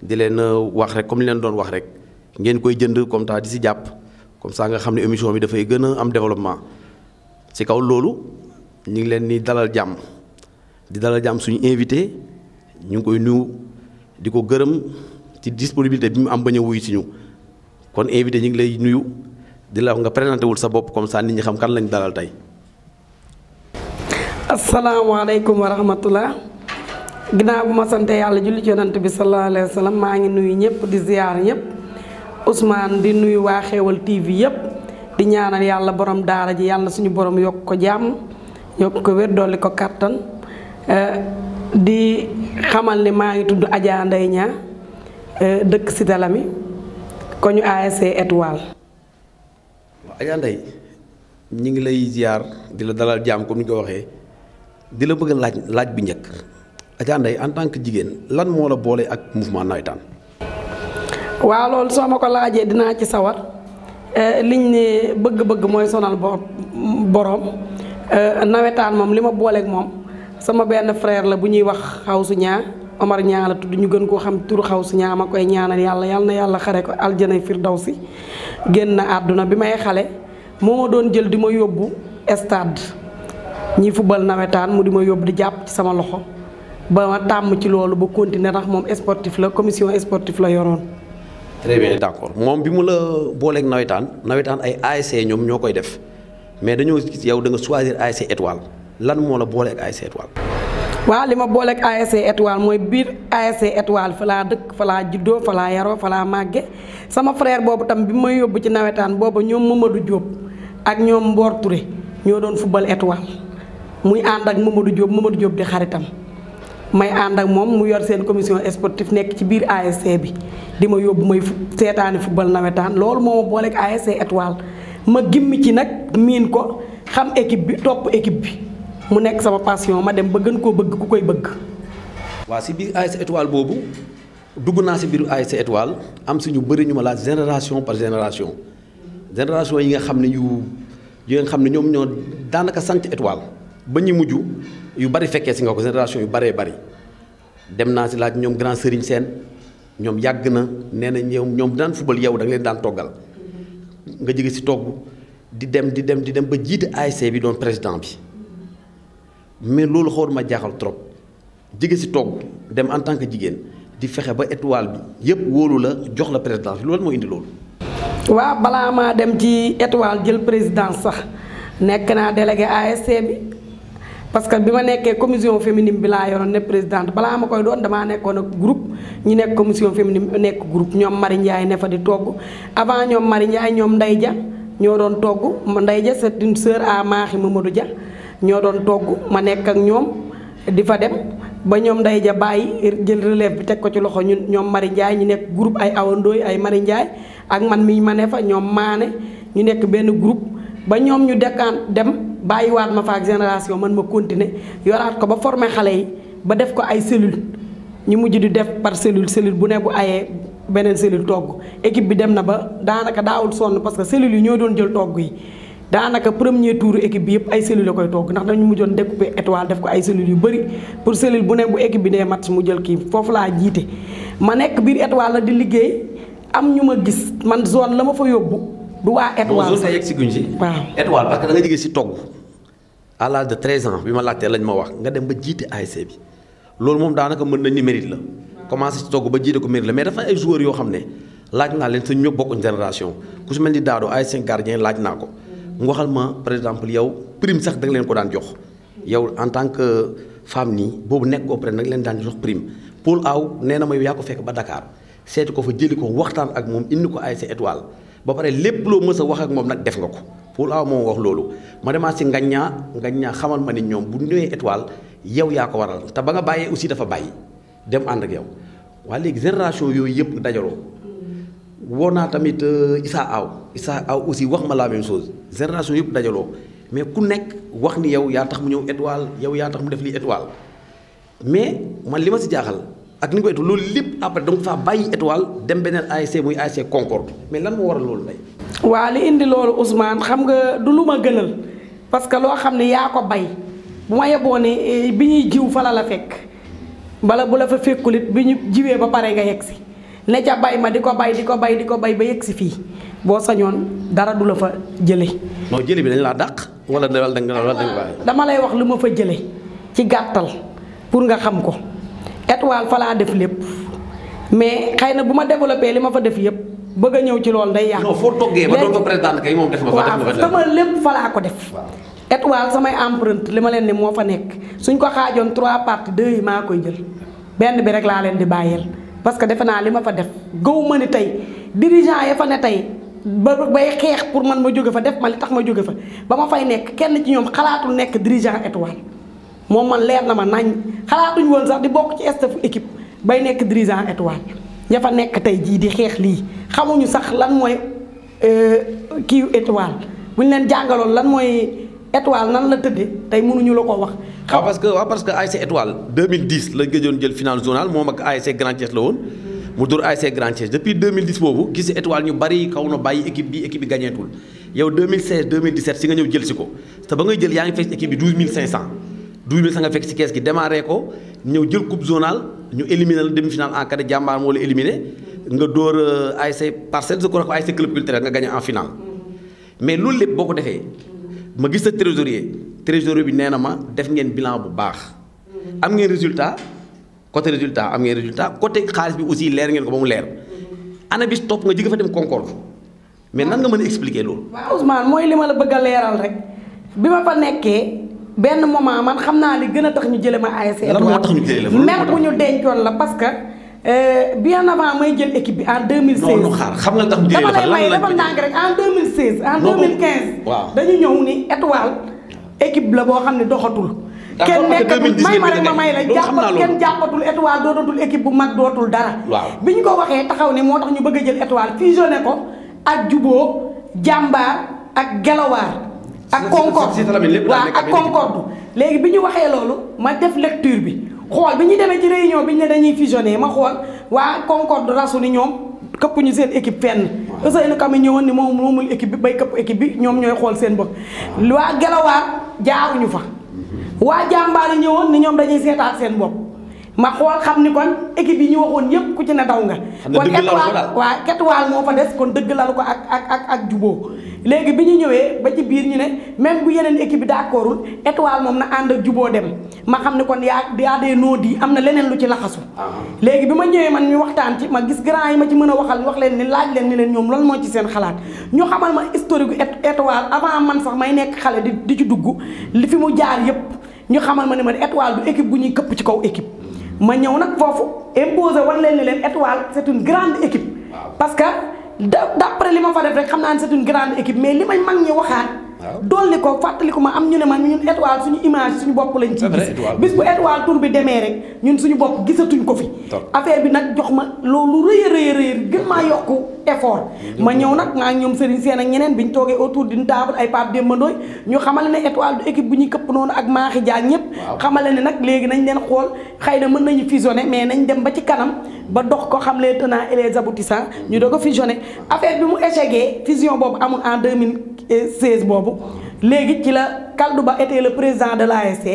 di leen euh, wax rek comme li leen doon wax rek ngeen koy jënd comme ça di si jàpp comme ça nga xam ne émission bi dafay gën a am développement si kaw loolu ñu ngi leen ni dalal jàmm di dalal jàmm suñu invité ñu ngi koy nuyu di ko gërëm ci disponibilité bi mu am bañ a wuyu si ñu kon invité ñu ngi lay nuyu di la nga présenté wul sa bopp comme ça nit ñi xam kan lañ dalal tey. asalaamaaleykum wa rahmatullah ginaaw bu ma sante yalla julli ci yonant bi sallallahu alayhi wasallam ma ngi nuyu ñepp di ziar ñepp Ousmane di nuyu wa xewal TV yep di ñaanal yalla borom daara ji yalla suñu borom yok ko jam yok ko wer doli ko euh di xamal ni ma ngi tuddu Adja Ndeye Niang eh, dëkk Cité Lamy ko ñu ASC Étoile. Adja Ndeye ñi ngi lay ziar di la dalal jam ko ñu ko waxe di la bëgg laaj laaj bi ñëk Adja Ndeye en tant que jigéen lan moo la boole ak mouvement nawetaan. waaw loolu soo ma ko laajee dinaa ci sawar eh, liñ ne bëgg-bëgg mooy sonal boroom eh, nawetaan moom li ma booleek moom sama benn frère la bu ñuy wax xawsu ñaa Omar ñaa la tudd ñu gën koo xam xaw xawsu ñaa ma koy ñaanal yàlla yal na yàlla xare ko aljana si génn na àdduna bi may xale moo ma doon jël di ma yóbbu stade ñi fubal nawetaan mu di ma yóbbu di jàpp ci sama loxo. ba ma tàmm ci loolu ba continuer ndax moom sportif la commission sportif la yoroon. très moom bi mu la booleeg nawetaan nawetaan ay ASC ñoom ñoo koy def mais dañoo yow da nga choisir ASC étoile lan moo la booleeg ASC étoile. waaw li ma booleek ASC étoile mooy biir ASC étoile falaa dëkk falaa laa juddoo falaa laa yaroo fa laa màgge sama frère boobu tam bi may yóbbu ci nawetaan boobu ñoom Mamadou Diop ak ñoom Mbor ñoo doon fubal étoile muy ànd ak Mamadou Diop Mamadou Diop di xaritam. may and ak moom mu yor sen commission sportif nek ci bir ASC bi di ma may setan football nawetan lol mom ma ASC étoile ma gimmi ci nak min ko xam équipe bi top équipe bi mu nek sama passion ma dem ba gën ko bëgg ku koy bëgg. wa ci bir ASC étoile bobu dugg naa si ASC étoile am suñu bëri ñuma la génération par génération génération yi nga xam yu yi nga xam ne ñoo danaka sante étoile ba ñi muju yu bari fekkee si nga ko génération yu baree bari dem naa si laaj ñoom grand sëriñ seen ñoom yàgg na nee na ñoom ñoom daan fubal yow da nga leen daan toggal nga jóge si togg di dem di dem di dem ba jiite ASC bi doon président bi mais loolu xawoon ma jaaxal trop jóge si togg dem en tant que jigéen di fexe ba étoile bi yépp wóolu la jox la présidence bi loolu moo indi loolu. waaw balaa maa dem ci étoile jël présidence sax nekk naa délégué ASC bi. parce que bi ma nekkee commission féminine bi laa yoroon ne président balaa ma koy doon damaa nekkoon ak groupe ñi nekk commission féminine nekk group ñoom Marie Ndiaye ne fa di togg ñoom Marie Ndiaye ñoom Ndeye Dia ñoo doon togg Ndeye Dia c'est une sœur à Mahi Mamadou Dia ñoo doon togg ma nekk ak ñoom di fa dem ba ñoom Ndeye ja bàyyi jël relève bi teg ko ci loxo ñun ñoom Marie Ndiaye ñu nekk group ay awandooy ay Marie Ndiaye ak man mi ma ne fa ñoom maane ñu nekk benn groupe ba ñoom ñu dekkaan dem bàyyiwaat ma fa ak génération man ma continuer yoraat ko ba former xale yi ba def ko ay cellule ñu mujj di def par cellule cellule bu ne bu ayee beneen cellule togg équipe bi dem na ba daanaka daawul sonn parce que cellules yi ñoo doon jël togg yi daanaka premier tour équipe bi yëpp ay cellules la koy togg ndax dañu mujjoon découper étoile def ko ay cellules yu bëri pour cellule bu ne bu équipe bi dee match mu jël kii foofu laa jiite. ma nekk biir étoile di liggéey am ñu ma gis man zone la ma fa yóbbu. du waa étoile sax yegg si guñ si waaw étoile parce que da nga jógee si togg à l'âge de 13 ans bi ma laajtee lañ ma wax nga dem ba jiite ASC bi loolu moom daanaka mën nañ ni mérite la commencé si togg ba jiite ko mérite la mais dafa ay joueurs yoo xam ne laaj naa leen sa ñëpp bokkuñ génération ku su mel ni Daado ASC gardien laaj naa ko mu waxal ma par exemple yow prime sax da leen ko daan jox yow en tant que femme nii boobu nekk koo près nag leen daan jox prime Paul Aw nee na ma yow yaa fekk ba Dakar seeti ko fa jëli ko waxtaan ak moom indi ko ASC étoile ba pare lépp loo mës a wax ak moom nag def nga ko Paul Awa moo wax loolu ma demaat si ngaññaa ngaññaa xamal ma ni ñoom bu ñëwee étoile yow yaa ko waral te ba nga bàyyee aussi dafa bàyyi dem ànd ak yow waaye léegi génération yooyu yëpp dajaloo woo naa tamit euh, Issa Aw Issa Aw aussi wax ma laa même chose génération yëpp dajaloo mais ku nekk wax ni yow yaa tax mu ñëw étoile yow yaa tax mu def lii étoile mais man li ma si jaaxal ak ni ko étoile loolu lépp après da nga faa bàyyi étoile dem beneen ASC muy ASC Concorde mais lan moo waral loolu lay waa li indi loolu Ousmane xam nga du lu ma gënal parce que loo xam ne yaa ko bay bu ma yeboo ne eh, bi ñuy jiw fa la la fekk bala bu la fa fekkulit bi ñu jiwee ba pare nga yegg si ne ca bay ma di ko bay di ko bay di ko bay ba yegg si fii boo sañoon dara du la fa jële non jële bi dañ laa daq wala da nga dama lay wax lu ma fa jële ci gàttal pour nga xam ko étoile fa laa def lépp mais xëy na bu ma développé li ma fa def yëpp bëgg ñëw ci loolu day yàq. non foo toggee ba doon ko président kay moom def ma fa def nga fa sama ko def. étoile samay empreinte li ma leen ne moo fa nekk suñ ko xaajoon trois parties deux yi maa koy jël benn bi rek laa leen di bàyyeel parce que defe naa li ma fa def gaw ma ni tey dirigeant ya fa ne tey ba bay xeex pour man ma jóge fa def ma li tax ma jóge fa ba ma fay nekk kenn ci ñoom xalaatul nekk dirigeant étoile. moom man leer na ma nañ xalaatuñu woon sax di bokk ci staff équipe bay nekk dirigeant étoile ña fa nekk tey jii di xeex lii xamuñu sax lan mooy euh, kii étoile bu ñu leen jàngaloon lan mooy étoile nan la tëddee tey mënuñu la ko wax. waaw parce que waaw parce que ASC étoile 2010 la gëjoon jël final zonal moom ak ASC Grand Thiès la woon. mu dóor ASC Grand Thiès depuis 2010 boobu gis étoile ñu bari kaw na bàyyi équipe bi équipe bi gañeetul douze mille sa nga fekk si kees gi démarré ko ñëw jël coupe zonale ñu éliminer la demi-finale en cas de jàmbaar moo la éliminé nga dóor euh, ay say parcelles je crois que ay say club culturel nga gagné en finale. mais loolu lépp boo ko defee ma gis sa trésorier trésorier bi nee na ma def ngeen bilan bu baax. am ngeen résultat côté résultat am ngeen résultat côté xaalis bi aussi leer ngeen ko ba mu leer. ana bis topp nga jóge fa dem Concorde mais nan nga mën a expliquer benn moment man xam naa li gën a tax ñu jële ma ASC lan moo tax ñu jële la mer bu ñu dencoon la parce que euh, na avant may jël équipe bi en 2016 non xaar xam nga tax ñu jële la dama lay may defal ndànk rek en 2016 en 2015 waaw dañu ñëw ni étoile équipe la boo xam ne doxatul kenn nekkatul may ma rek ma may la jàpp kenn jàppatul étoile dootatul équipe bu mag dootul dara bi ñu ko waxee taxaw ne moo tax ñu bëgg a jël étoile fusionné ko ak juboo jàmbaar ak gelawaar ak concorde waaw ak concorde léegi bi ñu waxee loolu ma def lecture bi xool bi ñu demee ci réunion bi ñu ne dañuy fusionner ma xool waa concorde rasu ni këppu ñu seen équipe fenn Ousseynou Kami ñëwoon ni moom moomul équipe bi bay këpp équipe bi ñoom ñooy xool seen bopp waa Gelawaar jaaruñu fa mhm. waa jàmbaar yi ñëwoon ni ñoom dañuy seetaat seen bopp ma xool xam ni kon équipe yi ñu waxoon yëpp ku ci ne daw nga. kon étoile waa étoile moo fa des kon dëgg lalu ko ak ak ak ak juboo léegi bi ñu ñëwee ba ci biir ñu ne même bu yeneen équipe bi d'accordul étoile moom na ànd ak juboo dem ma xam ne kon yaa yaa dee noo di am na leneen lu ci laxasu. Ah. léegi bi ma ñëwee man ñu waxtaan ci ma gis grand yi ma ci mën a waxal wax leen ni laaj leen ni leen ñoom loolu moo ci seen xalaat ñu xamal ma historique étoile avant man sax may nekk xale di di ci dugg li fi mu jaar yëpp ñu xamal ma ne ma étoile du bu ñuy këpp ci kaw équipe. ma ñëw nag foofu imposer war leen ni leen étoile c' est grande équipe. parce que d' après li ma fa def rek xam naa ne c' grande équipe mais li may mag ñi waxaat. dolli ko fàttaliku ma am ñu ne ma ñun étoile suñu image suñu bopp lañ ci gis bis bu étoile tour bi demee rek ñun suñu bopp gisatuñ ko fi affaire bi nag jox ma loolu rëy a rëy rëy gën maa yokku effort ma ñëw nag maa ñoom Serigne Sène ak ñeneen bi ñu toogee autour d'une table ay Pape Demba Ndoye ñu xamale ne étoile du équipe bu ñuy këpp noonu ak maaxi jaan ñëpp xamale ne nag léegi nañ leen xool xëy na mën nañu fusionner mais nañu dem ba ci kanam ba dox ko xam les tenants et les aboutissants ñu doog a fusionner affaire bi mu échecgee fusion boobu amul en 2000 et 16 boobu léegi ci la kalduba était le président de l'ASC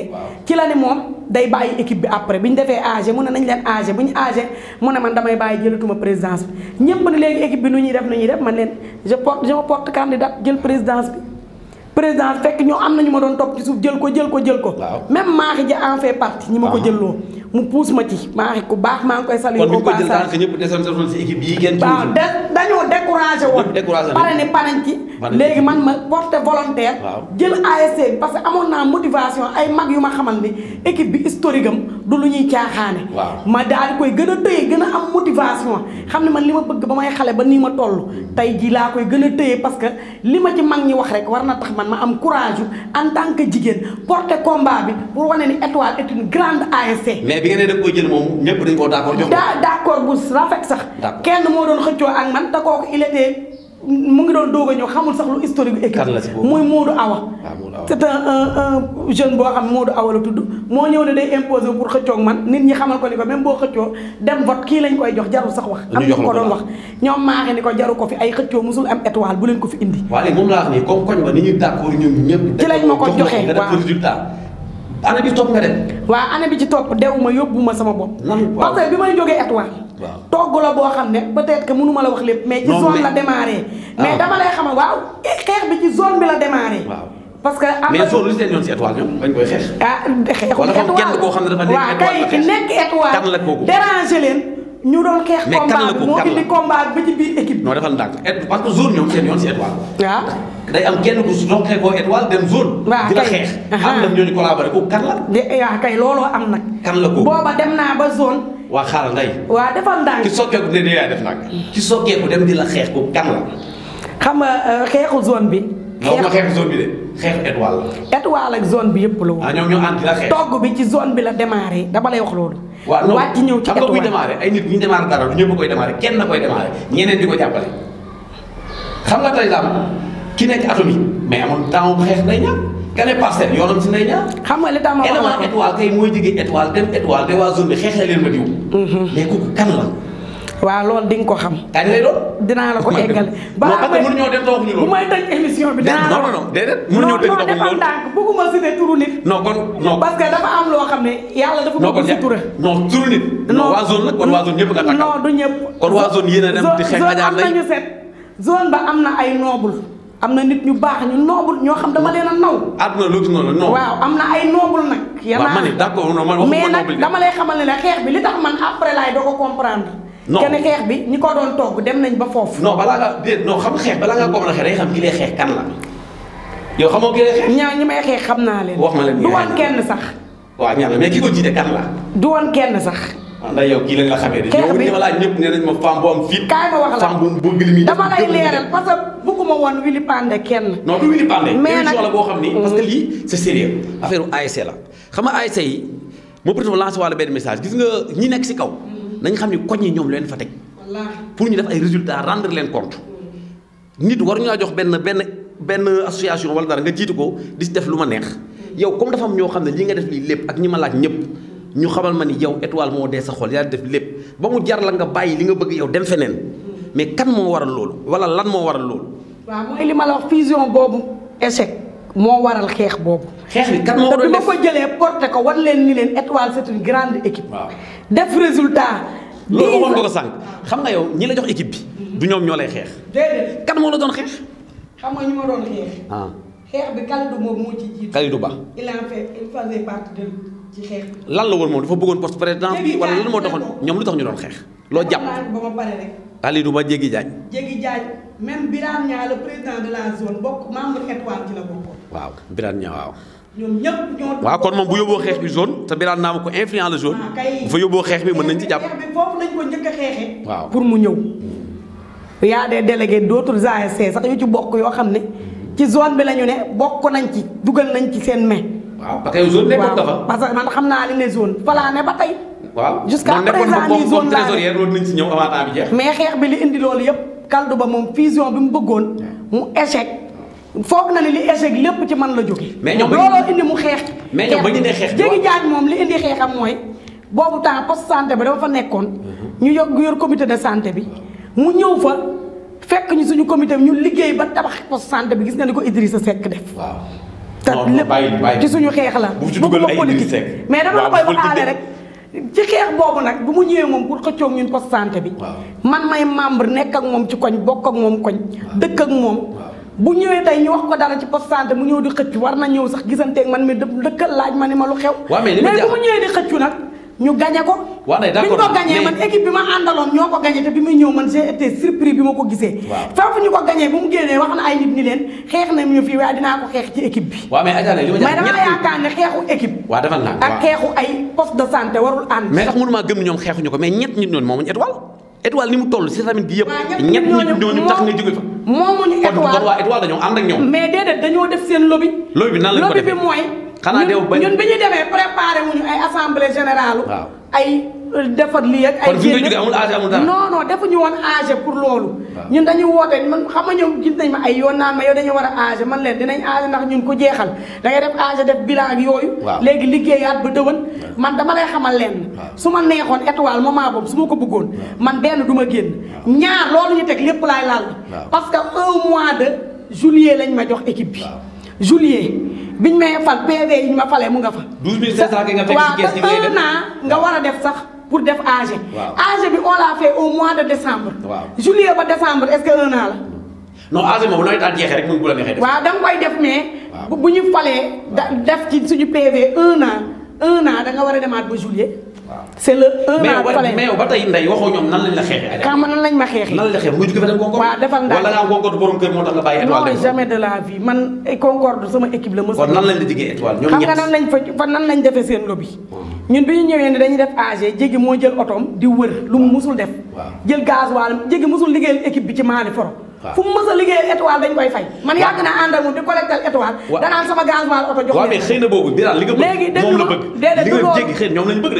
ci la ni mom day baye équipe bi après bi défé defee AG mu ne nañ leen AG bu AG mu ne man damay bàyyi jëlatuma présidence bi ñëpp ni légui équipe bi nu ñuy def nu ñuy def man len je porte je porte candidat jël présidence bi président fekk ñoo am na ñu ma doon topp ci suuf jël ko jël ko jël ko même maaxi ja en fait partie ñi ma ko ah. jëlloo mu pousse ma ci maaxi ku baax ma ngi koy saluer au passage kon ñu ko jël tank ñepp desoon desoon ci équipe yi ngeen découragé woon pare ni pare ci léegi man ma porté volontaire jël ASC bi parce que amoon naa motivation ay mag yu ma xamal ni équipe bi historique am du lu ñuy caaxaane ma daal koy gën a tëye gën a am motivation xam ne man li ma bëgg ba may xale ba nii ma toll tey jii laa koy gën a tëye parce que li ma ci mag ñi wax rek war na tax man ma am courage yu en tant que jigéen porté combat bi pour wane ni étoile est une grande ASC mais bi nga ne da koy jël moom ñëpp dañ koo d'accord d'accord bu rafet sax kenn moo doon xëccoo ak man te kooku fekkee mu ngi doon doog a ñëw xamul sax lu historique bi équipe muy Moodu ah, Awa c'est un un jeune boo xam Moodu Awa la tudd moo ñëw ne day imposer pour xëccoog man nit ñi xamal ko ni ko même boo xëccoo dem vote kii lañ koy jox jarul sax wax am ñu ko doon wax ñoom maaxe ni ko jaru ko fi ay xëccoo musul am étoile bu leen ko fi indi waaw léegi moom laa wax nii comme koñ ba ni ñuy d'accord ñoom ñëpp ci lañ ma ko joxee waaw résultat bi nga dem waaw année bi ci topp dew ma yóbbu ma sama bopp parce que bi may jógee étoile togg la boo xam ne peut-être que mënuma la wax lépp. mais ci zone la démarré. Ah. mais dama lay xamal waaw xeex bi ci zone bi la démarré. parce que am mais lu seen yoon si étoile ñoom bañ koy xeex. ah xeexu étoile wala kenn koo xam ne dafa nekk étoile kan la kooku déranger leen. ñu doon xeex combat bi moo indi combat bi ci biir ñoom seen yoon si étoile. waaw ah. day am kenn ku su doon xeexoo étoile dem zone. waaw kay dina xeex. am na ñooñu collaboré ko kan la. de ah, kay looloo am nag. kan la kooku booba dem naa ba zone. waa xaaral ndey waa defal ndànk ki sokkeeku ne yaay def nag ki sokkeeku dem di la xeex ko kan la xam nga xeexu zone bi xeex ma xeexu zone bi de xeexu étoile la étoile ak zone bi yëpp la woon ñoom ñoo ànd la xeex togg bi ci zone bi la démarré dama lay wax loolu waaw non wàcc ñëw ci xam nga buy démarré ay nit ñu démarré dara du ñëpp koy démarré kenn na koy démarré ñeneen di ko jàppale xam nga tey daal ki nekk atum yi mais amul temps xeex day ñàkk ka ne parcelle yoonam si nay ñaar. xam nga li tax ma wax élément étoile kay mooy jigéen étoile dem waa zone bi xeexee leen ma diw. Mhm. mais kooku kan la. waaw loolu di ko xam. kañ lay doon. dinaa la ko eggale. ba parce que bi dinaa la non non déedéet. mënuñoo dem si ne turu nit. kon non am loo xam ne yàlla dafa bëgg si tura. non turu nit. non waa zone nag kon waa zone ñëpp nga takkal. non du ñëpp. kon waa zone yéen dem di xeex xajaar lay zone am ba am na ay noble am na nit ñu baax ñu noobul ñoo xam dama leen a naw. àdduna lu ci noonu waaw am na ay noobul nag. yéen a man d'accord man waxuma mais na dama lay xamal ne xeex bi li tax man après laay doo ko comprendre. bi ñi ko doon togg dem nañ ba foofu. non balaa nga déet non xam xeex xam ki lay kan la. yow xamoo ki xeex. may xeex xam naa leen. wax ma leen du woon kenn sax. waaw ñaar mais ki ko jiite kan la. du woon kenn sax. wala ah, yow kii lañ la xamee de. xeex bi yow wala ñëpp nee nañ ma femme bu am fit. kaay ma wax la femme bu bëgg li muy dama lay leeral parce kenn. non du la boo xam ni. parce que mm. lii c'est sérieux affaire ASC la xam nga ASC yi ma bëgg ma lancer wàllu benn message gis nga ñi nekk si kaw. Mm. nañ xam ni koñ yi ñoom leen fa teg. pour ñu def ay résultat rendre leen compte. Mm. nit war ñu laa jox benn benn benn association wala dara nga jiitu ko di si def lu ma neex. yow comme dafa am ñoo xam ne li nga def lii lépp ak ñi ma laaj ñëpp ñu xamal ma ni yow étoile mo dé sa xol ya def lépp ba mu jar la nga bàyyi li nga bëgg yow dem fenen mais kan mo waral lool wala lan mo waral lool wa mooy li ma la wax fusion bobu échec mo waral xeex bobu xeex bi kan mo ko def te ko jëlé porté ko wan len ni len étoile c'est une grande équipe. def résultat. loolu waxoon nga ko sank xam nga yow ñi la jox équipe bi. du ñom ñolay lay xeex. kan mo la doon xeex. xam nga ñu ma doon xeex. Ah. xeex bi kaldu mo mo ci jiitu. kaldu Ba. il en fait il faisait partie de lan la woon moom dafa bëggoon poste président bi wala lan moo taxoon ñoom lu tax ñu doon xeex. loo jàpp ba ma pare rek. Ba Jéggi Diagne. Jéggi Diagne même Birane Niang le président la zone bokk membre étoile ci la bokkoon. waaw Birane Niang waaw. ñëpp ñoo. waaw kon moom bu yóbboo xeex bi zone te Birane Niang ko influent la zone. Ah, bu fa yóbboo xeex bi mën nañ ci jàpp. foofu lañ ko njëkk a xeexee. waaw pour mu ñëw. y a des délégués d'autres ASC sax ñu ci bokk yoo xam ne ci zone bi la ñu ne bokk nañ ci dugal nañ ci seen main. waaw parce que zone nekkoon nga fa. parce que man xam naa li ne zone balaa ne ba tey. waaw jusqu'à présent nii zone laa trésorière loolu nañ si ñëw avant xeex bi li indi loolu yëpp kaldu ba moom fusion bi mu bëggoon mu échec foog na ne li échec lépp ci man la jóge mais ñoom looloo indi mu xeex. mais ñoom ba ñu ne xeex jéegi jaaj moom li indi xeexam mooy boobu temps poste santé bi dafa fa nekkoon. ñu yokk yor comité de santé bi mu ñëw fa fekk ñu suñu comité bi ñu liggéey ba tabax poste santé bi gis nga ni ko Idrissa Seck def. te lépp ci suñu xeex la bëgguma politique mais dama la koy waxaale rek ci xeex boobu nag bu mu ñëwee moom pour xëccoog ñun poste santé bi man may membre nekk ak moom ci koñ bokk ak moom koñ dëkkak moom bu ñëwee tey ñu wax ko dara ci poste santé mu ñëw di xëccu war na ñëw sax gisanteeg man mi dëkkal laaj ma ni ma lu xew mais bu mu ñëwee di xëccu nag ñu gagné ko. waaw ñu ko gagné man équipe bi ma ñoo ko gagné te bi man j'ai été surpris bi ma ko gisee. waaw foofu ko mu génnee wax na ay nit ni leen xeex nañ ñu fii waaye dinaa ko xeex ci équipe bi. waaw mais Adja li ma jàpp dama yaakaar ne xeexu équipe. waaw defal naa ak xeexu ay poste de santé warul ànd. mais sax mënuma gëm ñoom xeexuñu ko mais ñett nit ñooñu moomuñu étoile étoile ni mu toll si tamit gi yëpp. ñett nit ñooñu tax nga jóge fa. moomuñu étoile kon kon waa étoile ànd ak ñoom. mais déedéet dañoo def seen lobby. lobby bi nan mooy xanaa dew ba ñun bi ñu demee préparé wuñu ay assemblée générale. ay euh, defar lii ak. ay génn amul âge amul dara non non defuñu woon âge pour loolu. ñun dañu wootee man xam nga ñoom gis ma ay yoon naan ma yow dañu war a âge man leen dinañ âge ndax ñun ku jeexal da def âge def bilan ak yooyu. léegi liggéeyaat ba dëwën. man dama lay xamal leen. su ma neexoon étoile moment boobu su ma ko bëggoon. man benn du génn. ñaar loolu ñu teg lépp laay laal. parce que un mois de juillet lañ ma jox équipe bi. juillet biñ may fal PV yi ñu ma falé mu nga fa. 12500 nga fekk ci kees waaw un nga war def sax pour def AG. waaw bi on l'a fait au mois de décembre. waaw juillet ba décembre est-ce que un an la. non AG moom noy ta jeexee rek mu bu la neexee def. wa dang koy def mais. bu ñu falee. def ci suñu PV 1 an 1 an da nga wara a ba juillet. c' est le un an mais ba tey ndey waxoo ñoom nan lañ la xeexee. xam nga nan lañ ma xeexee. nan lañ la xeexee muy jóge fa dem Concorde. waaw defal ndax wala ngaa Concorde borom kër moo tax nga bàyyi étoile. non jamais man eh, Concorde sama équipe la. mos kon nan lañ la diggee étoile xam nga nan lañ fa seen lobby. ñun bi ñëwee ne dañuy def AG jéggi moo jël otoom di wër lu mu musul def. jël gaz waalam jéggi musul liggéeyal équipe bi ci maani foro fu mu mës a liggéey étoile dañ koy fay man yàgg naa ànd ak moom di collecté étoile danaan sama gasoil oto jox waaw mais xëy bi moom la bëgg du loolu jéggi xëy ñoom bëgg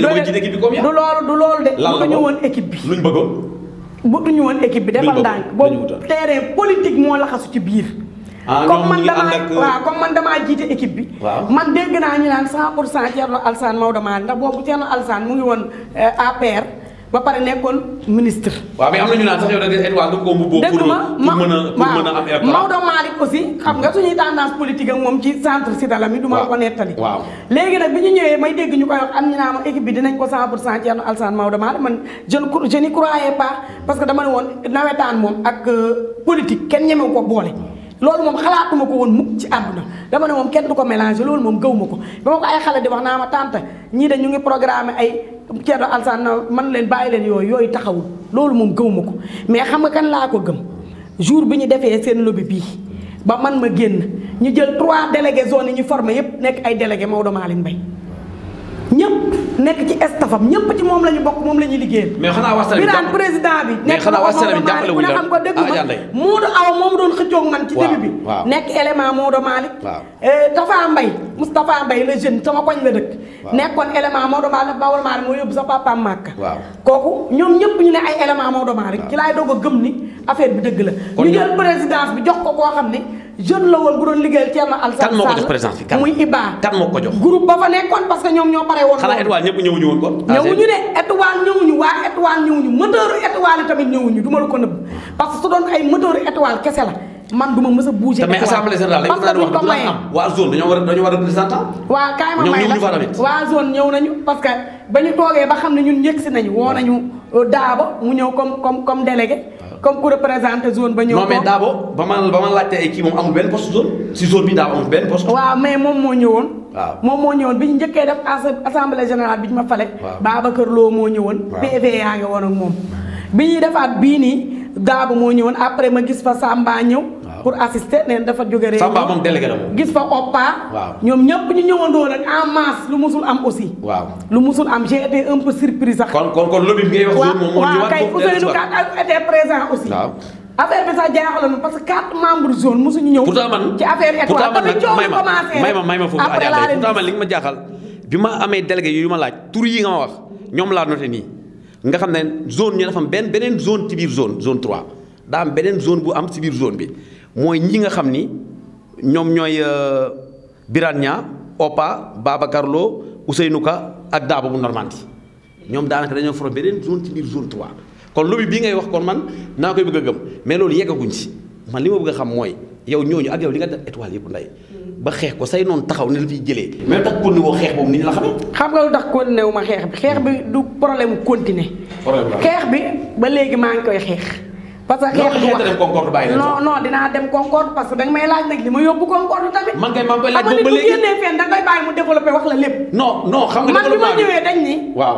du loolu équipe bi luñ bëggoon boobu terrain politique moo laxasu ci biir ah, comme man damaa euh, waaw comme man damaa jiite équipe bi man dégg naa ñu naan 100 pour cent Thierno Alassane Maodo Malick ndax boobu Thierno Alassane mu ngi woon euh, APR ba pare nekkoon ministre. waaw mais am na ñu naan sax yow da nga étoile nga koo ma pour mën xam nga suñuy tendance politique ak moom ci centre si la mi. du ma ko waaw léegi nag bi ñu ñëwee may dégg ñu koy wax am ñu naa ma équipe bi dinañ ko 100 pour cent Thierno Alassane Maodo Malick man je ne je n'y parce que dama ne woon nawetaan moom ak euh, politique kenn ñemewu ko boole. loolu moom xalaatuma ko woon mukk ci àdduna dama ne moom kenn du ko mélanger loolu moom gëw ma ko ba ma ko ay xale di wax naa ma tànta ñii de ñu ngi programme ay Thierno Alassane man leen bàyyi leen yooyu yooyu taxawul loolu moom gëw ma ko mais xam nga kan laa ko gëm jour bi ñu defee seen lobby bii ba man ma génn ñu jël trois délégués zone yi ñu formé yépp nekk ay délégué Maodo Malick bay ñëpp nekk ci estafam ñëpp ci moom la ñu bokk moom la ñuy liggéeyal. mais xanaa wasala bi daan ne bi. nekk xanaa wasala bi jàppale wu ñu xam ko dégg nga ah, Moodu Awa moom doon xëccoog man. ci début bi nekk élément Moodu Malick. waaw eh, Tafa Mbaye Moustapha Mbaye la jeune sama koñ la dëkk. nekkoon élément Moodu Malick Bawol Malick moo yóbbu sa papaam Màkka. waaw kooku ñoom ñëpp ñu ne ay élément Moodu Malick. ci laay doog a gëm ni affaire bi dëgg la. ñu jël présidence bi jox ko koo xam ne jeune la woon bu doon liggéeyal Thierno Alassane Sall. kan moo ko jox présidence bi kan muy Iba. kan moo ko jox groupe ba fa nekkoon parce que ñoom ñoo pare woon. xanaa étoile ñëpp ñëwuñu woon kon. ñëwuñu de étoile ñëwuñu waa étoile ñëwuñu moteuru étoile yi tamit ñëwuñu du ma la ko nëbb parce que su doon ay moteuru étoile kese la. man du ma mës a bouger. te mais assemblée générale wax dëgg la am waa zone dañoo war a dañoo war a représentant. waaw kaay ma may la waa zone ñëw nañu parce que ba ñu toogee ba xam ne ñun yëgsi nañu woo nañu euh, daaba mu ñëw comme comme comme délégué. comme ku représenté zone ba ñëw. non mais Dabo ba ma ba ma laajte ay kii moom amul benn poste zone si zone bi Dabo moom moo ñëwoon. waaw moom moo ñëwoon bi ñu njëkkee def assemblée générale bi ñu ma fale. waaw Babacar Lo moo ñëwoon. waaw PV yaa ngi woon ak moom. bi ñuy defaat bii nii Dabo moo ñëwoon après ma gis fa Samba ñëw. pour assister neen dafa jogé réew Samba mom délégué la moom gis fa Oppa ñom ñepp ñëpp ñu ñëwandoo nak en masse lu musul am aussi waaw lu musul am j'ai été un peu surpris sax kon kon kon lobby bi ngay wax moom moo ñëwaat waaw kay Ousseynou Ka été présent aussi waaw affaire bi sax jaaxaloon parce que quatre membres zone musu ñu ñëw pourtant man ci affaire étoile pourtant man nag may ma may ma foofu ajaale pourtant man li nga ma jaaxal bima amé délégué yu ma laaj tour yi nga wax ñom la noté ni nga xamné zone ñu dafa am benn beneen zone ci bir zone zone 3 da am benen zone bu am ci bir zone bi mooy ñi nga xam ni ñoom ñooy euh, Birane Niang Opa Babacar Lo Ousseynou Ka ak Daaba bu Normandie ñoom daanaka dañoo former beneen zone ci biir zone 3 kon lobby bii ngay wax kon man naa koy bëgg a gëm mais loolu yeggaguñ ci man li ma bëgg a xam mooy yow ñooñu ak yow li nga def étoile yëpp nday ba xeex ko say noonu taxaw ne la fiy jëlee. mais tax kon woo xeex boobu ni la xam nga lu tax continué ma xeex bi xeex bi du problème mu continué. problème xeex bi ba léegi maa ngi koy xeex. parce que xeex bu ma concorde bàyyi non non dinaa dem concorde parce danga may laaj nag li ma yóbbu concorde tamit. man kay maa bu génnee fenn dangay bàyyi mu développé wax la lépp. non non xam nga man bi ñëwee dañ ni waaw.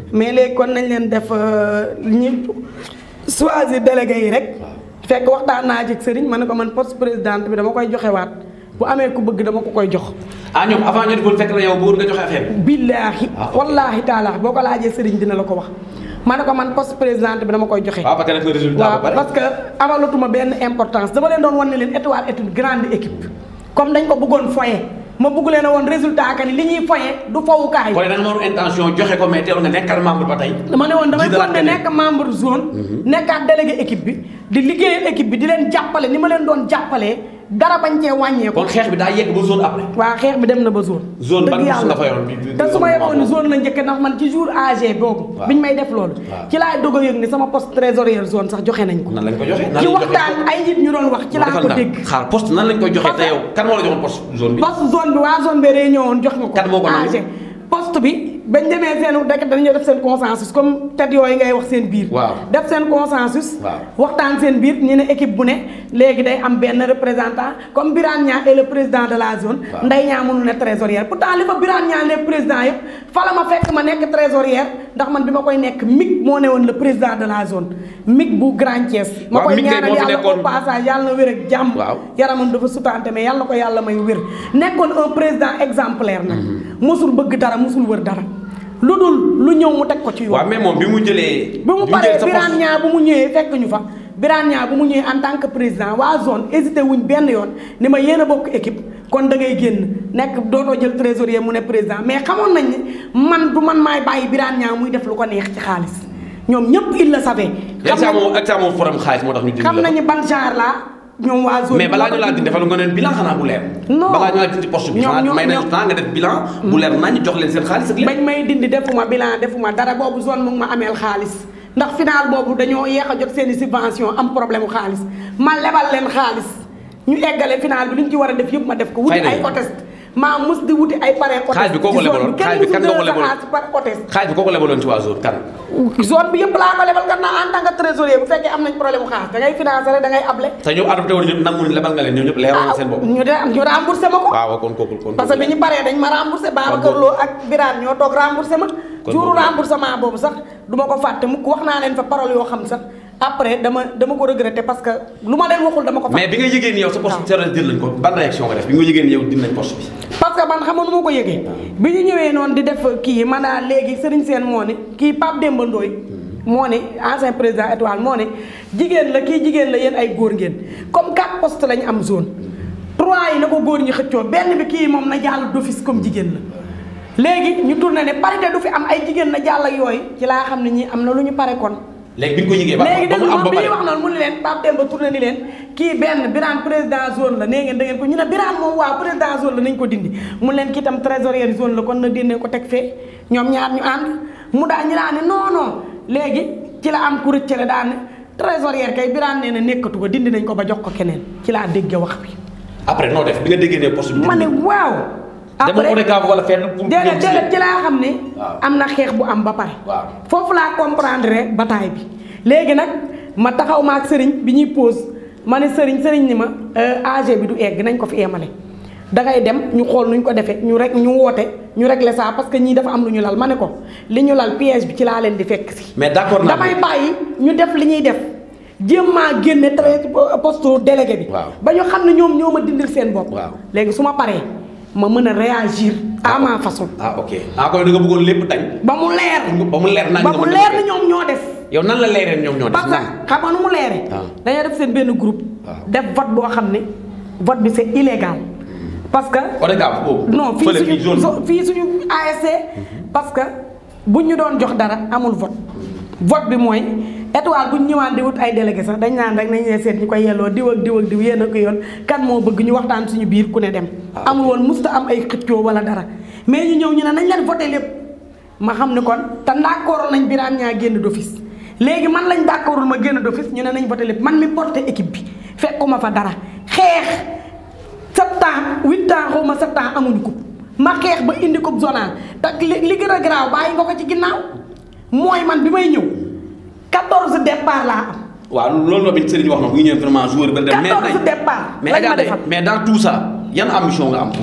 mais léegi kon nañ leen def euh, ñi choisir délégué yi rek. fekk waxtaan naa ci sëriñ ma ne ko man post présidente bi dama koy joxewaat bu amee ku bëgg dama ko koy jox. ah ñoom avant ñu dugg fekk joxe affaire bi. billaahi ah, wallaahi taalaahi boo ko laajee sëriñ dina la ko wax. ma ne ko man post président bi dama koy joxe. waaw ah, parce que résultat ba parce que amalatuma benn importance dama leen doon wan ne leen Étoile est une grande équipe comme dañ ko bëggoon foyee. ma bugg leen a woon résultat que li ñuy foyee du fowukaay. kon da nga woon intention joxe ko mais teew nga nekkaat membre ba tey. dama ne woon damay kon ne nekk membre zone. Mhm. nekkaat délégué équipe bi di liggéeyal équipe bi di leen jàppale ni ma leen doon jàppalee. dara bañ cee wàññeeku. kon xeex bi daa yegg ba zone après. waaw xeex bi dem na ba zone. zone ban bés nga ma yoroon zone la njëkk ndax man ci jour AG boobu. biñ may sax joxe nañ ko. nan lañ ko joxe nan lañ ko moo la joxoon poste zone bi. poste zone bi waa zone bi réunion woon jox nga ko. bi bañ demee seen dëkk dañu def sen consensus comme tet yoy ngay wax sen biir. def sen consensus. waxtan sen biir ñu ne équipe bu ne léegi day am ben représentant comme Birane Niang est le président de la zone. waaw Ndeye Niang né trésorier. trésorière pourtant li fa Birane Niang ne président yëpp fa la ma fekk ma nekk trésorière ndax man bima ma koy nekk mic mo néwon le président de la zone mic bu Grand Thiès. ma koy ñaanal yàlla au passage yalla na wér ak jàmm. yaramam dafa soutanté mais yalla ko yalla may wër nekkoon un président exemplaire nak mm-hmm. musul bëgg dara musul wër dara. lu dul lu ñëw mu teg ko ci yoon. waaw mais moom bi mu jëlee. bi mu paree Birane Niang bu mu ñëwee fekk ñu fa. Birane Niang bu mu ñëwee en tant que président waa zone hésité wuñ benn yoon ni ma yéen a bokk équipe kon da ngay génn nekk doo dootoo jël trésorier mu ne président mais xamoon nañ ne man du man maay bàyyi Birane Niang muy def lu ko neex ci xaalis ñoom ñëpp il la savait. xam nañu ak sa moom forum xaalis moo tax ñu. xam nañu ban genre la ñoom waa mais balaa ñu la dindi defal nga leen bilan xanaa bu leer. non balaa ñu laa dindi poste bi. ñoom may nañu temps nga def bilan. bu leer naa jox leen seen xaalis ak lépp. bañ may dindi defuma bilan defuma dara boobu zone mu ma ameel xaalis ndax final boobu dañoo yéex a jot subvention am problème mu ma lebal leen xaalis ñu eggale final bi li ci war def yëpp ma def ko. wuti ay proteste maa mus di wuti ay parrain hôtesse. xaalis bi kooku lebaloon waa zone kan. zone bi yëpp laa ko lebal kan naa en tant que bu fekkee am nañ problème mu xaalis da ngay able. te ñoom adopté woon ñëpp nangu lebal nga leen ñoom ñëpp leeroon ah, seen bopp. ñu de ñu ma ko. Ah, waaw bi ñu paree dañ ma remboursé. Babacar Lo ak Birane ñoo toog remboursé ma. kon juuru remboursement boobu sax du ma ko fàtte mukk wax naa leen fa parole yoo xam sax après dama dama ko regretter parce que lu ma leen waxul dama ko. mais bi nga yëgee ni sa poste service dir lañ ko ban réaction nga def bi nga yëgee ni yow dir nañ poste bi. parce que man xam ko yëgee bi ñu ñëwee noonu di def kii man a léegi Serigne Sène moo ne kii Pape Demba Ndoye moo ne ancien président étoile moo ne jigéen la kii jigéen la yéen ay góor ngeen comme quatre post lañu am soon trois yi na ko góor ñi xëccoo benn bi kii moom na jàll d'office comme jigéen léegi ñu tourné ne parité du fi am ay jigéen na jàll yooyu ci laa xam ne ñii am na lu ñu pare kon léegi bi ñu ko yëgee ba léegi déglu moom bi ñuy wax noonu mu ne leen Pape Demba tourné ni leen kii benn Birane président zone la nee ngeen da ngeen ko ñu ne Birane moom waaw président la ko am ku rëccale daa ne trésorier kay Birane nee na nekkatu ko dindi nañ ko ba jox ko keneen ci laa dégge wax bi après noo def bi nga déggee ne poste bi ma ne waaw après ah, demoo wala fenn. déedéet déedéet ci laa xam ne. am na xeex bu am ba pare. foofu laa comprendre rek bataay bi. léegi nag ma taxaw ma ak sëriñ bi ñuy pause ma ne sëriñ sëriñ ni ma euh, age bi du egg nañ ko fi yemale. dangay dem ñu xool nuñ ko defee ñu rek ñu woote ñu regle ça parce que ñii dafa am lu ñu lal ma ne ko li ñu lal piège bi ci laa leen di fekk si. mais d'accord naa damay bàyyi ñu def li ñuy def. jéem maa génne très poste délégué bi. ba ñu xam ne ñoom ñoo ma dindil seen bopp. léegi su ma paree. ma mën a réagir à ma façon. ah ok ah da nga bëggoon lépp dañ. ba mu leer ba mu leer na ba mu leer na ñoom ñoo def. yow nan la leeree ñoom ñoo def. parce que xam nga nu mu leeree. Ah. dañoo def seen benn groupe. Ah. def vote boo xam ne vote bi c'est illégal. parce que. ODCAV oh, boobu non fii suñu fii suñu ASC. parce que bu ñu doon jox dara amul vote mm-hmm. vote bi mooy. étoile bu ñu ñëwaan di wut ay délégué sax dañ naan rek nañ leen seet ñu koy yelloo diw ak diw ak diw yéen a yoon kan moo bëgg ñu waxtaan suñu biir ku ne dem. Ah, amul woon musta am ay xëccoo wala dara mais ñu ñëw ñu ne nañ leen voté lépp ma xam ne kon te d'accord nañ Birame ñaa génn d'office léegi man lañ d'accordul ma génn d'office ñu ne nañ voté lépp man mi porté équipe bi fekkuma fa dara xeex sept ans huit ans xaw ma sept ans amuñu ko ma xeex ba indi coupe zonal te li li gën a garaaw bàyyi ko ci ginnaaw mooy man bi may ñëw. quatorze départ laa waaw loolu la ba. mais quatorze départ lañ ma defal mais nga nga ambition ba fi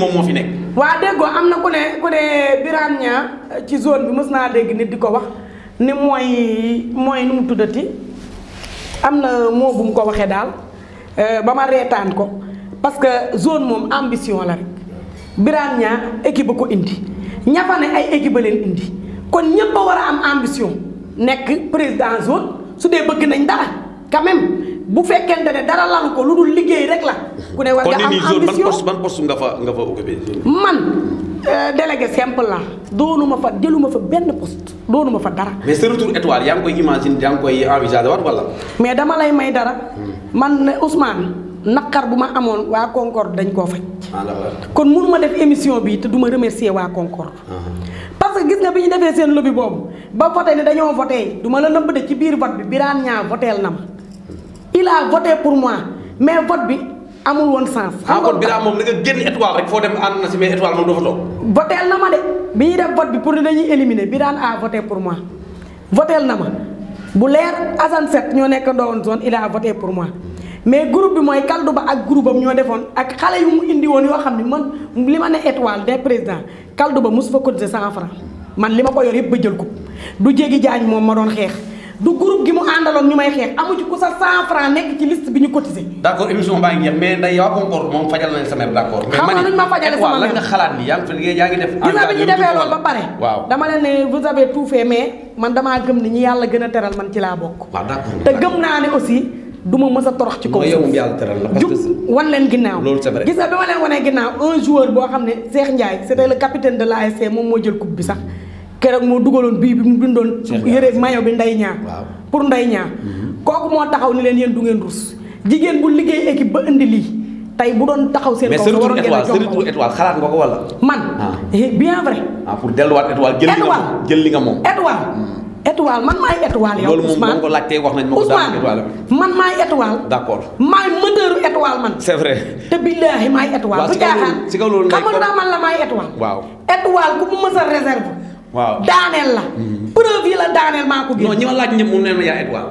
moom moo nekk. waa déggoo am na ku ne ku ne Birane Niang eh, ci zone bi mës naa dégg nit di ko wax ni mooy mooy nu mu tuddati am na moo bu mu ko waxee daal eh, ba ma reetaan ko parce que zone moom ambition la rek Birane Niang équipe a ko indi ña fa ne ay équipe leen indi kon ñépp a war a am ambition nekk président zone su dee bëgg nañ dara quand bu fekkente ne dara lan ko lu dul liggéey rek la. ku ne wax nga am ambition kon ban poste nga fa nga fa occupé man euh, délégué simple fa jëluma fa benn poste doonuma fa dara. mais sa retour étoile yaa ngi koy imagine yaa ngi koy envisager waat wala. mais dama lay may dara. Hmm. man euh, Ousmane. naqar bu ma amoon waa Concorde dañ koo faj. Ah, kon mënu ma def émission bi te du ma remercier waa Concorde. Ah. parce que gis nga bi ñu defee seen lobby boobu ba voté ne dañoo voté du ma la nëbb de ci biir vote bi bi biraan ñaa voteel na ma. il a pour moi mais vote bi amul woon sens. xam ah, nga bi daal moom da nga génn étoile rek foo dem ànd na si mais étoile moom doo fa toog. voteel na ma de bi ñu def vote bi pour ne dañuy éliminer bi daan a voté pour moi voteel na ma bu leer Assane Seck ñoo nekk ndowoon zone il a voté pour moi. mais groupe bi mooy kaldu ba ak groupe am ñoo defoon ak xale yu mu indi woon yoo xam ne man li ma ne étoile des président kaldu ba mosu fa cotiser cent franc man li ma ko yor yëpp ba jël ko du jéggi jaañ moom ma doon xeex. du groupe gi mu àndaloon ñu may xeex amu ci ku sa 100 francs nekk ci liste bi ñu cotisé. d' accord émission baa ngi jeex mais nday yow concours moom fajal nañ sama d' mais man it ma fajale ñu damaa gëm ni ñi yàlla gën a teral man ci laa bokk. te gëm naa ne aussi du ma mës a torox ci kaw. yow yàlla teral leen ginnaaw loolu c'est vrai gis nga bi ma leen wanee ginnaaw un joueur boo xam ne Cheikh Ndiaye c'était le capitaine de l'ASC moom moo jël coupe bi sax keroog moo dugalon bi bi mu bindoon yëre mayo bi nday ñaa pour nday ñaa mm-hmm. koku mo taxaw ni len yeen du ngeen rus jigen bu liggéey équipe ba indi li tay bu don taxaw sen kaw waroon ngeen a jox mais étoile xalaat nga ko wala man ah. eh, bien vrai ah pour delu wat étoile jël li nga jël li nga mom étoile mm. étoile man may étoile yow loolu moom ko laccé wax nañ mako daal étoile man may étoile d'accord may maay moteuru étoile man c'est vrai te billahi may étoile bu jaxan si na man la may étoile waaw étoile ku mu mës a réserve waaw daaneel la. Mm-hmm. preuve la daaneel maa ko. non ñi ma laaj ñëpp moom na yaa Edouard.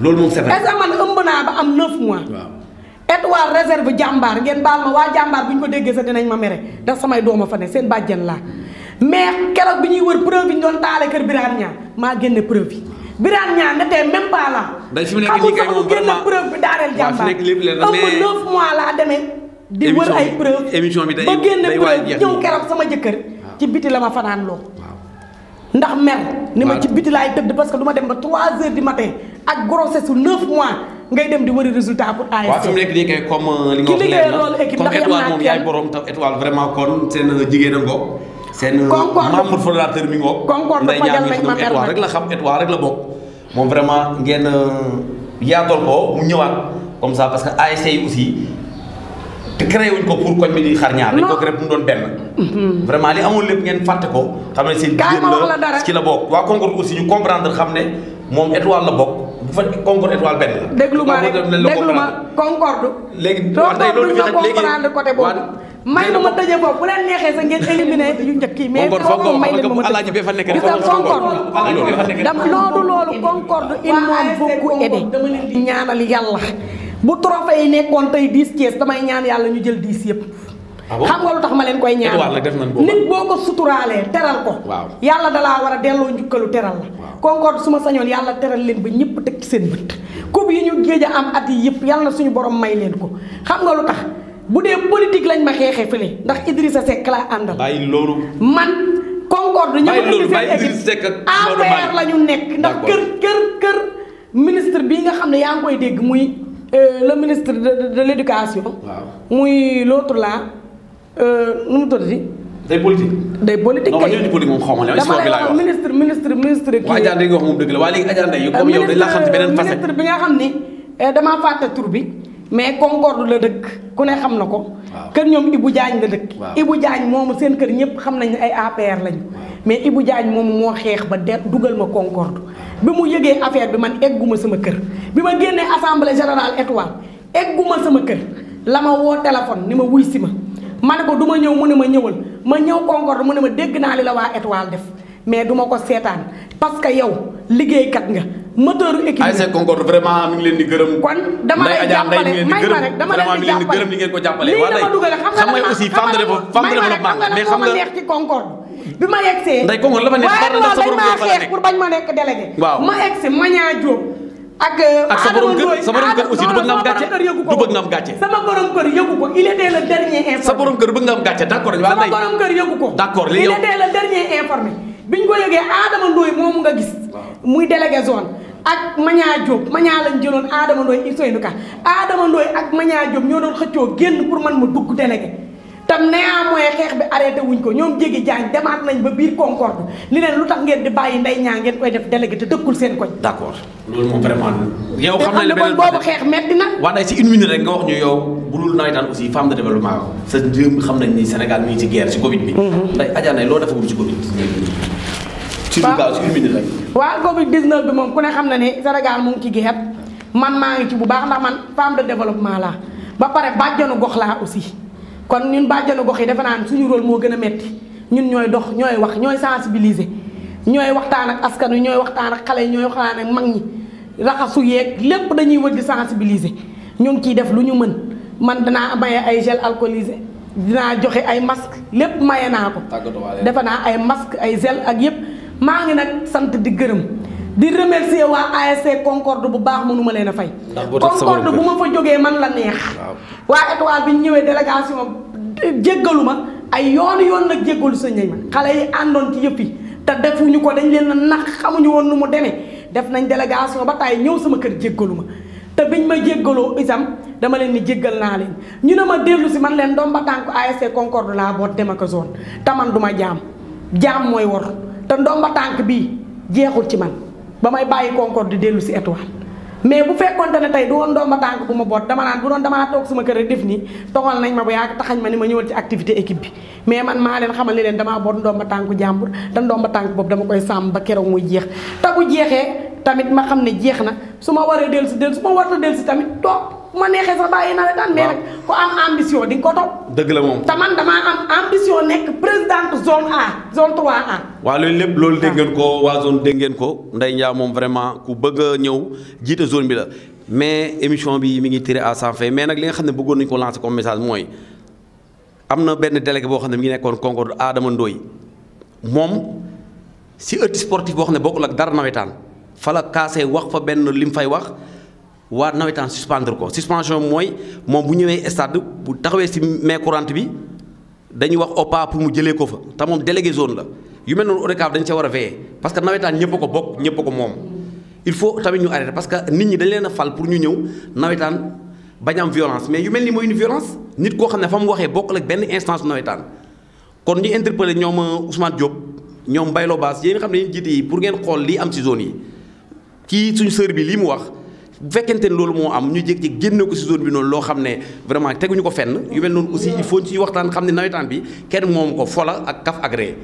loolu moom c'est vrai. est-ce que man ëmb naa ba am 9 mois. waaw Edouard ma waa jàmbaar ma mere ndax samay dooma fa ne laa. mais keroog ñuy wër preuve yi ñu taale kër Birane Niang maa génne preuve yi Birane Niang n'était même pas là. day fi mu nekk nii kay moom demee. di wër ay preuve émission bi day waay jeex ba génne preuve ñëw keroog sama jëkkër ci biti la ma fanaan loo ndax mer ni ma ci biti laay tëdd parce que du dem ba 3 heures du matin ak grossesse su 9 mois ngay dem di wëri résultat pour ASC. waaw fi mu nekk nii kay comme euh, li nga wax leer na loolu seen euh, jigéen a ngoog. seen euh, membre la xam la bokk. moom vraiment ngeen yaatal ko mu ñëwaat comme ça parce que ASC yi aussi. te créé wuñ ko pour koñ bi di xar ñaar. dañ ko créé pour mu doon benn. Mm-hmm. vraiment li lépp ngeen fàtte ko. xam ne seen jigéen la ci la bokk. waa Concorde aussi ñu comprendre xam ne moom étoile la bokk bu fa Concorde étoile benn la. déglu ma rek déglu ma Concorde. léegi wax day loolu fi xaj léegi may na ma tëjee foofu bu neexee sa ngeen éliminé yu njëkk yi mais may leen ma ma tëj gis nga Concorde. dama loolu loolu Concorde bu trophée yi nekkon tay 10 caisse damay ñaan yalla ñu jël 10 yépp ah xam nga lutax ma leen koy ñaan nit boko suturalé téral ko yalla da la wara délo ñukkelu téral la concorde suma sañon yalla téral teral leen ba ñëpp tek ci seen bëtt coupe yi ñu géej am at yi yépp yalla suñu borom may leen ko xam nga lutax tax bu dee politique lañ ma xeexee fële ndax Idrissa Seck laa andal bay lolu man concorde ñu ko idrissa ñëw affaire la ñu nekk ndax kër kër kër ministre bi nga xam ne koy dégg muy Euh, le ministre de l'éducation, oui l'autre là euh, nous te tuddati. des politiques. Des politiques. non politique a des politiques ministre, ministre ministre ministre. Qui... est nga la ministre, ministre, ministre eh, mais Concorde le deuk ku ne xam nako ñom Ibou Diagne ministre, ministre, Ibou Diagne mom seen xam nañ APR mais Ibou Diagne mom mo ba ma Concorde. bi mu yëgee affaire bi man egguma sama kër bi ma génnee assemblée générale étoile egguma sama kër lama wo téléphone ni ma wuy sima ma ko duma ñew mu ne ma ñëwal ma concorde mu ne ma dégg na li la wa étoile def mais duma ko sétane parce que yow kat nga moteur équipe ASC Concorde vraiment mi ngi leen di gëreum kon dama lay jappalé may ma rek dama leen di vraiment mi ngi leen di ngeen ko jappalé waa xam nga aussi femme de développement mais xam nga bi ma yegsee. ndey Congo la fa nekk waaye non dañ maa xeex pour bañ ma nekk délégué. waaw ma egsi ma ak euh, ak sa borom kër sa borom kër aussi du sama borom kër yëgu ko il était le dernier informé sa borom kër bëgg nga am gàcce d'accord sama borom kër yëgu Adama Ndoye moomu nga gis muy délégué zone ak Mañaa Diop Mañaa lañ jëloon Adama Ndoye Ousseynou Ka Adama Ndoye ak Mañaa Diop ñoo doon xëccoo génn pour man ma dugg délégué tam néanmoins xeex bi arrêté wuñ ko ñoom Jéggi Jaañ demaat nañ ba biir Concorde li leen lu tax ngeen di bàyyi ndey ñaa ngeen koy def délégué te dëkkul seen koñ. d' accord loolu moom vraiment. yow xam nañ ne beneen boobu xeex metti na. waaw day si une rek nga wax ñu yow bu dul nawetaan aussi femme de développement sa jëm xam nañ ni Sénégal mi ngi ci guerre ci Covid bi. Mhm. nday Adja Ndeye loo defagul ci Covid. ci lu Covid 19 bi moom ku ne xam na ne Sénégal mu ngi ci guerre man maa ngi ci bu baax ndax man femme de développement laa ba pare bàjjanu gox laa aussi kon ñun bàjjanu gox yi defe naa ne suñu rôle moo gën a metti ñun ñooy dox ñooy wax ñooy sensibiliser ñooy waxtaan ak askan wi ñooy waxtaan ak xale yi ñooy waxtaan ak mag ñi raxasu yeeg lépp dañuy wër di sensibiliser ñu ngi ciy def lu ñu mën man danaa maye ay gel alcoolisé dinaa joxe ay masque lépp maye naa ko defe naa ay masque ay gel ak yépp maa ngi nag sant di gërëm di remercier waa ASC Concorde bu baax mënuma leen a fay. Concorde bu ma fa jógee man la neex. waa étoile bi ñu ñëwee délégation jéggalu ma ay yoon yoon nag jéggalu sa ñëy xale yi àndoon ci yëpp yi te defuñu ko dañ leen a nax xamuñu woon nu mu demee def nañ délégation ba tàyyi ñëw sama kër jéggalu ma te biñ ma jéggaloo itam dama leen jéggal naa leen ñu ne ma dellu si man leen doom ba tànk ASC Concorde laa boot dem ak a te man duma ma jaam jaam mooy war te ndomba bii jeexul ci man. ba may bàyyi concorde di dellu si étoile mais bu fekkonte ne tey du woon doom ba tànk bu ma boot dama naan bu doon damaa toog sama kër def ni togal nañ ma ba yàgg taxañ ma ni ma ñëwal ci activité équipe bi mais man maa leen xamal ni leen damaa boot doom ba tànku jàmbur te doom ba tànk boobu dama koy sàmm ba keroog muy jeex te bu jeexee tamit ma xam ne jeex na su ma waree dellu si dellu su ma warta dellu si tamit toog bu ma neexee sax bàyyi nawetaan. mais nag ko am ambition di ko topp. dëgg la moom te man damaa am ambition nekk présidente zone A zone 3A. waaw loolu lépp loolu dégg ngeen ko waa zone dégg ngeen ko nday Ndiaye moom vraiment ku bëgg ñëw jiite zone bi la mais émission bi mi ngi tiré à sa mais nag li nga xam ne bëggoon nañu ko lancer comme message mooy am na benn délégué boo xam ne mi ngi nekkoon Concorde Adama Ndoye moom si ëtt sportif boo xam ne bokkul ak dara nawetaan fa la wax fa benn lim fay wax. waa nawetaan suspendre ko suspension moy mom bu ñëwé stade bu taxawé ci main courante bi dañuy wax OPA pour mu jëlé ko fa ta mom délégué zone la yu mel noonu ODCAV dañ ci wara a parce que nawetaan ñëpp ko bok ñëpp ko mom il faut tamit ñu arrêter parce que nit ñi dañ leena fal pour ñu ñëw nawetaan bañ am violence mais yu melni ni une violence nit ko xamné fam waxé mu waxee bokkul ak benn instance nawetaan kon ñu interpeller ñom euh, Ousmane Diop ñom Baylo Bass yéen xamné ñi yéen yi pour ngeen xol li am ci zone yi ki suñu sœur bi lii mu wax bu fekkente ne loolu moo am ñu jékki ci génne ko si zone bi noonu loo xam ne vraiment teguñu ko fenn yu mel noonu aussi il faut ci waxtaan xam ne nawetaan bi kenn moom ko fola ak kaf ak ree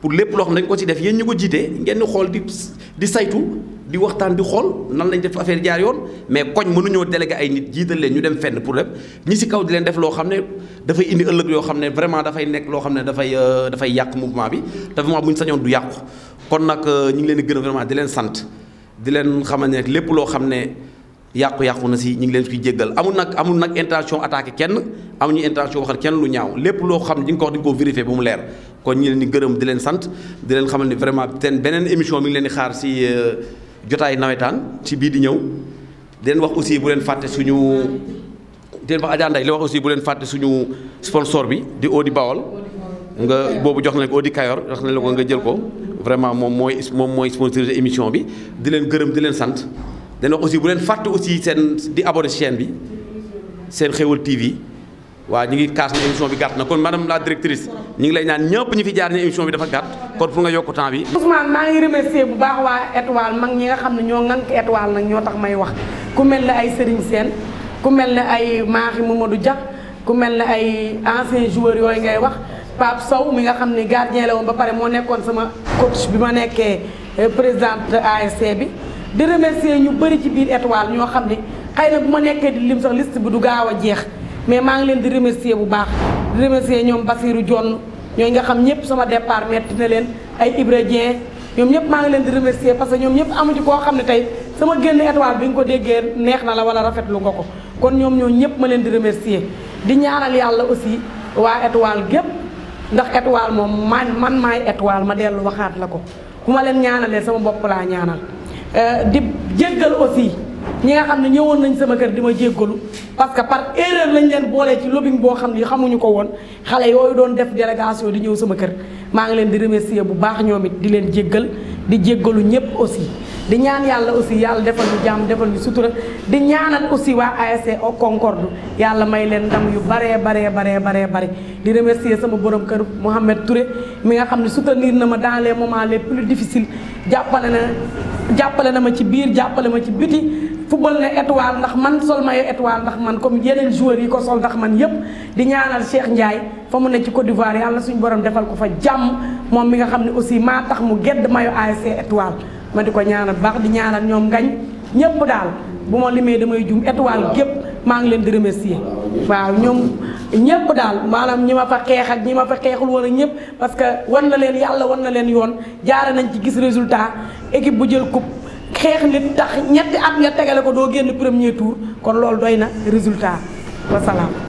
pour lépp loo xam dañ ko ci def yéen ñu ko jiitee ngeen di xool di di saytu di waxtaan di xool nan lañ def affaire jaar yoon mais koñ mënuñoo délégué ay nit jiital leen ñu dem fenn pour lépp ñi si kaw di leen def loo xam ne dafay indi ëllëg yoo xam ne vraiment dafay nekk loo xam ne dafay euh, dafay yàq mouvement bi te vraiment bu ñu sañoon du yàqu kon nag euh, ñu ngi leen di gën vraiment di leen sant di leen xamal ne lépp loo xam ne yàqu-yàqu na si ñu ngi leen ciy jéggal amul nag amul nag intention attaque kenn amuñu intention waxal kenn lu ñaaw lépp loo xam di nga ko wax di nga koo vérifié bu mu leer kon ñu leen di gërëm di leen sant di leen xamal ni vraiment seen beneen émission mi ngi leen di xaar si euh, jotaay nawetaan ci biir di ñëw di leen wax aussi bu leen fàtte suñu di wax Adja Ndeye wax aussi bu leen fàtte suñu sponsor bi di audi Bawol nga boobu jox nañ ko Odi Kayor jox nañ la ko nga jël ko vraiment moom mooy moom mooy sponsorisé émission bi di leen gërëm di leen sant dana aussi bu leen fàtte aussi seen di abonné chaîne bi seen xéwal TV waa ñu ngi kaas na émission bi gàtt na kon madame la directrice ñu ngi lay ñaan ñëpp ñu fi jaar ne émission bi dafa gàtt kon pour nga yokk temps bi. Ousmane maa ngi remercier bu baax waa étoile mag ñi nga xam ne ñoo ŋànk étoile nag ñoo tax may wax ku ne ay Serigne Sène ku mel ne ay Mahi Mamadou Dia ku mel ne ay anciens joueurs yooyu ngay wax Pape Sow mi nga xam ne gardien la woon ba pare moo nekkoon sama coach bi ma nekkee euh, présidente ASC bi. di remercier ñu bëri ci biir étoile ñoo xam ne xëy na bu ma nekkee di lim sax liste bi du gaaw a jeex mais maa ngi leen di remercier bu baax di remercier ñoom basiiru Dione ñooy nga xam ñëpp sama départ metti na leen ay Ibra Dieng ñoom ñëpp maa ngi leen di remercier parce que ñoom ñëpp amu ci koo xam ne tey sama génn étoile bi nga ko déggee neex na la wala lu nga ko kon ñoom ñoo ñëpp ma leen di remercier di ñaanal yàlla aussi waa étoile gépp ndax étoile moom man man maay étoile ma dellu waxaat la ko bu ma leen ñaanalee sama bopp laa ñaanal Euh, di jéggal aussi ñi nga xam ne ñëwoon nañ sama kër di ma jéggalu parce que par erreur lañ leen boolee ci lobbying boo xam ne xamuñu ko woon xale yooyu doon def délégation di ñëw sama kër maa ngi leen di remercier bu baax ñoom di leen jéggal di jéggalu ñëpp aussi di ñaan yàlla aussi yàlla defal ñu jàmm defal ñu sutura di ñaanal aussi waa ASC au Concorde yàlla may leen ndam yu baree baree baree baree bare di remercier sama borom kër Mouhamed Touré mi nga xam ne soutenir na ma dans les moments les plus difficiles jàppale na jàppale na ma ci biir jàppale ma ci biti football na étoile ndax man sol mayo étoile ndax man comme yeneen joueurs yi ko sol ndax man yépp di ñaanal Cheikh Ndiaye fa mu ne ci Côte d'Ivoire yalla suñu borom defal ko fa jam mom mi nga xamni ne aussi ma tax mu gedd mayo AC étoile ma diko ñaanal bax di ñaanal ñom gañ ñepp dal bu ma damay jum étoile gep ma ngi leen di remercier waaw ñom ñepp dal manam ñima fa xex ak ñima fa xexul woon ñepp parce que won na leen yalla won na leen yoon jaara nañ ci gis résultat équipe bu jël coupe xex nit tax ñetti at nga tégalé ko do génn premier tour kon lool doyna résultat wa salam